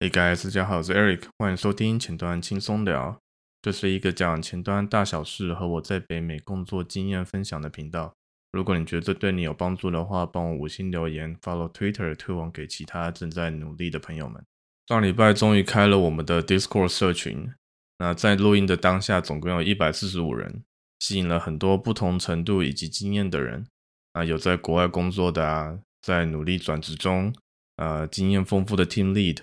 Hey guys，大家好，我是 Eric，歡迎收聽前端輕鬆聊。這，就是一個講前端大小事和我在北美工作經驗分享的頻道。如果你覺得這對你有幫助的話，幫我五星留言，follow Twitter 推廣給其他正在努力的朋友們。上禮拜終於開了我們的 Discord 社群，那在錄音的當下，總共有一百四十五人，吸引了很多不同程度以及經驗的人。啊，有在國外工作的啊，在努力轉職中，呃，經驗豐富的 Team Lead。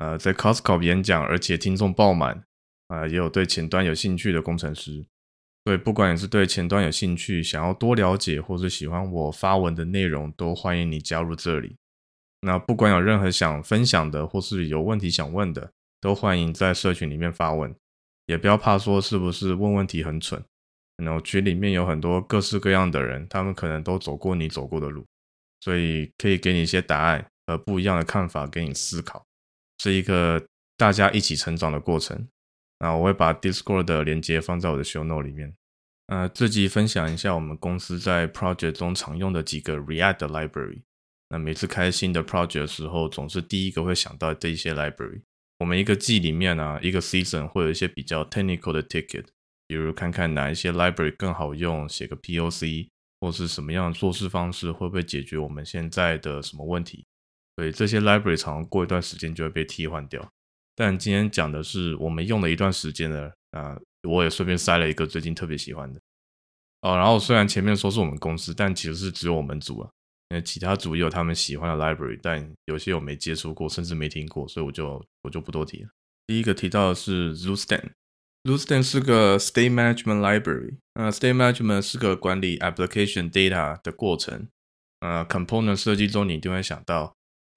呃，在 COSCUP 演講，而且聽眾爆滿，啊，呃，也有對前端有興趣的工程師。所以，不管你是對前端有興趣，想要多了解，或是喜歡我發文的內容，都歡迎你加入這裡。那不管有任何想分享的，或是有問題想問的，都歡迎在社群裡面發問，也不要怕說是不是問問題很蠢。嗯，然後群裡面有很多各式各樣的人，他們可能都走過你走過的路，所以可以給你一些答案和不一樣的看法給你思考。是一個大家一起成長的過程。那我會把 Discord 的連接放在我的 Show Note 裡面，呃，這集分享一下我們公司在 Project 中常用的幾個 React 的 Library。那每次開新的 Project 的時候，總是第一個會想到的這些 Library。我們一個季裡面呢、啊，一個 Season 會有一些比較 Technical 的 Ticket，比如看看哪一些 Library 更好用，寫個 POC 或是什麼樣的做事方式，會不會解決我們現在的什麼問題。所以這些 library 常常過一段時間就會被替換掉，但今天講的是我們用了一段時間的啊、呃，我也順便塞了一個最近特別喜歡的哦。然後雖然前面說是我們公司，但其實是只有我們組啊，那其他組也有他們喜歡的 library，但有些我沒接觸過，甚至沒聽過，所以我就我就不多提了。第一個提到的是 Zustand，Zustand 是個 state management library，呃，state management 是個管理 application data 的過程，呃，component 設計中你一定會想到。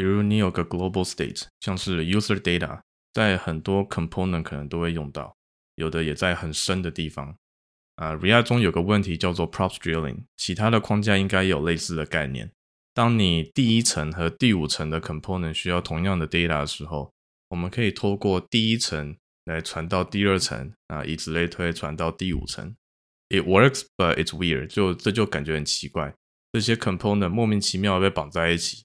比如你有個 global state，像是 user data，在很多 component 可能都會用到，有的也在很深的地方。啊，React 中有個問題叫做 props drilling，其他的框架應該也有類似的概念。當你第一層和第五層的 component 需要同樣的 data 的時候，我們可以透過第一層來傳到第二層，啊，以此類推傳到第五層。It works, but it's weird，就這就感覺很奇怪，這些 component 莫名其妙被綁在一起。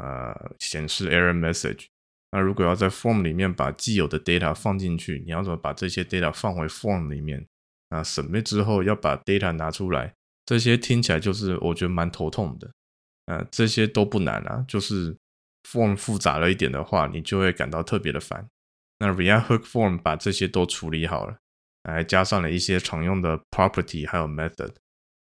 呃，顯示 error message。那如果要在 form 裡面把既有的 data 放進去，你要怎麼把這些 data 放回 form 裡面？啊，submit 之後要把 data 拿出來，這些聽起來就是我覺得蠻頭痛的。啊，這些都不難啊，就是 form 複雜了一點的話，你就會感到特別的煩。那 React Hook Form 把這些都處理好了，還加上了一些常用的 property 還有 method，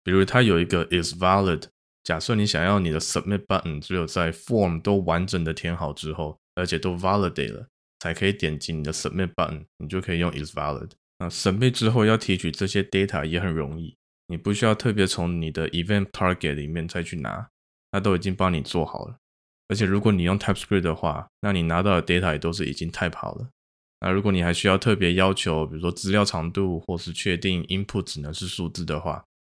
比如它有一個 is valid。假設你想要你的 submit button 只有在 form 都完整的填好之後，而且都 validate 了，才可以點擊你的 submit button，你就可以用 is valid。那 submit 之後要提取這些 data 也很容易，你不需要特別從你的 event target 裡面再去拿，那都已經幫你做好了。而且如果你用 TypeScript 的話，那你拿到的 data 也都是已經 type 好了。那如果你還需要特別要求，比如說資料長度，或是確定 input 只能是數字的話，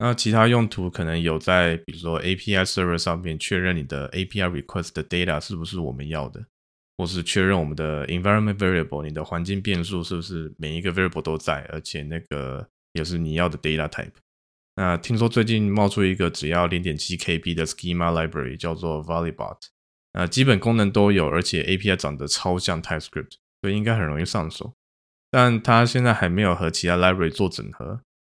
那其他用途可能有在，比如說 API server 上面確認你的 API request 的 data 是不是我們要的，或是確認我們的 environment variable，你的環境變數是不是每一個 variable 都在，而且那個也是你要的 data type。那聽說最近冒出一個只要0.7 KB 的 schema library，叫做 Valibot。那基本功能都有，而且 API 長得超像 TypeScript，所以應該很容易上手。但它現在還沒有和其他 library 做整合。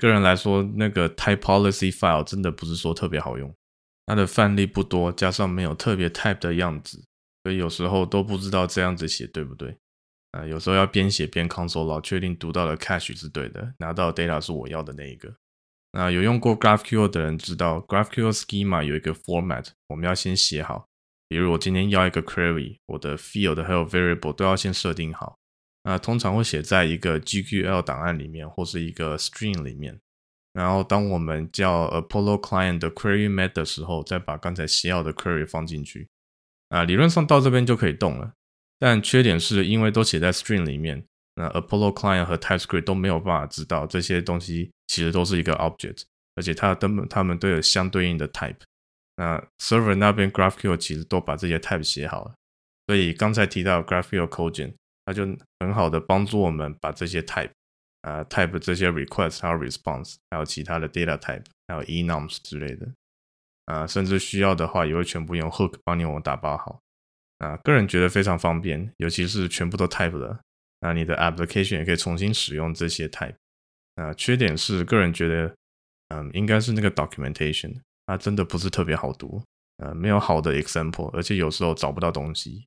個人來說，那個 Type Policy File 真的不是說特別好用，它的範例不多，加上沒有特別 Type 的樣子，所以有時候都不知道這樣子寫對不對啊、呃。有時候要邊寫邊 Console，確定讀到的 Cache 是對的，拿到的 Data 是我要的那一個。那、呃、有用過 GraphQL 的人知道，GraphQL Schema 有一個 Format，我們要先寫好。比如我今天要一個 Query，我的 Field 和還有 Variable 都要先設定好。那、啊、通常會寫在一個 GQL 檔案裡面，或是一個 String 裡面。然後，當我們叫 Apollo Client 的 Query Method 的時候，再把剛才寫好的 Query 放進去。啊，理論上到這邊就可以動了。但缺點是因為都寫在 String 裡面，那 Apollo Client 和 TypeScript 都沒有辦法知道這些東西其實都是一個 Object，而且它的它們都有相對應的 Type。那 Server 那邊 GraphQL 其實都把這些 Type 寫好了。所以剛才提到 GraphQL Code Gen。它就很好的幫助我們把這些 type，啊、uh, type 這些 request 還有 response，還有其他的 data type，還有 enums 之類的，啊、uh，甚至需要的話也會全部用 hook 幫你我們打包好，啊、uh，個人覺得非常方便，尤其是全部都 type 了，那你的 application 也可以重新使用這些 type，啊，uh, 缺點是個人覺得，嗯、um, 應該是那個 documentation，它真的不是特別好讀，呃、uh,，沒有好的 example，而且有時候找不到東西。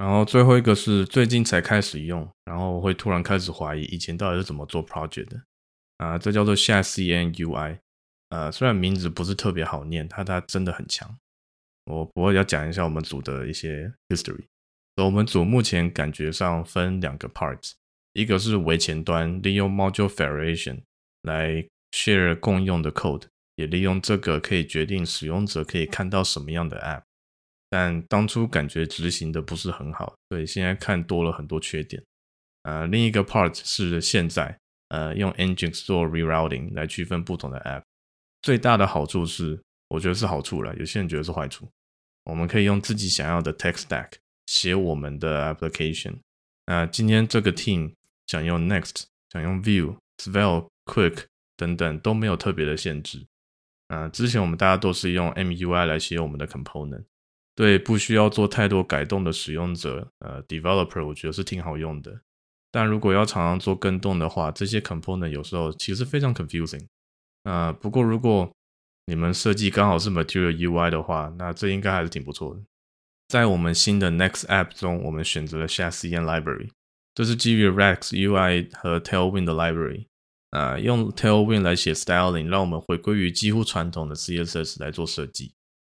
然後最後一個是最近才開始用，然後我會突然開始懷疑以前到底是怎麼做 project 的啊、呃，這叫做 shadcn/ui。呃，雖然名字不是特別好念，但它，它真的很強。我不過要講一下我們組的一些 history。So, 我們組目前感覺上分兩個 parts，一個是微前端利用 module federation 來 share 共用的 code，也利用這個可以決定使用者可以看到什麼樣的 app。但當初感覺執行的不是很好，所以現在看多了很多缺點。呃，另一個 part 是現在，呃，用 nginx 做 rerouting 來區分不同的 app，最大的好處是，我覺得是好處啦，有些人覺得是壞處。我們可以用自己想要的 tech stack 寫我們的 application。那、呃、今天這個 team 想用 Next，想用 View、Svelte、Quick 等等都沒有特別的限制。啊、呃，之前我們大家都是用 MUI 來寫我們的 component。對，不需要做太多改動的使用者，呃，developer 我覺得是挺好用的。但如果要常常做更動的話，這些 component 有時候其實非常 confusing。呃，不過如果你們設計剛好是 Material UI 的話，那這應該還是挺不錯的。在我們新的 Next App 中，我們選擇了 Shadcn Library，這是基於 Radix UI 和 Tailwind 的 library。呃，用 Tailwind 來寫 styling，讓我們回歸於幾乎傳統的 CSS 來做設計。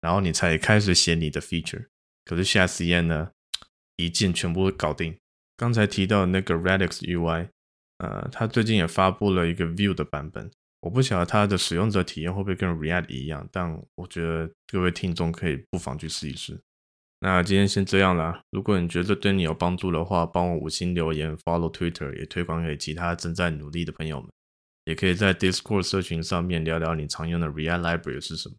然後你才開始寫你的 feature，可是下次驗呢，一鍵全部搞定。剛才提到的那個 Radix UI，呃，它最近也發布了一個 View 的版本，我不曉得它的使用者體驗會不會跟 React 一樣，但我覺得各位聽眾可以不妨去試一試。那今天先這樣啦，如果你覺得對你有幫助的話，幫我五星留言，follow Twitter，也推廣給其他正在努力的朋友們，也可以在 Discord 社群上面聊聊你常用的 React library 是什麼。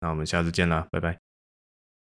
那我們下次見啦，拜拜。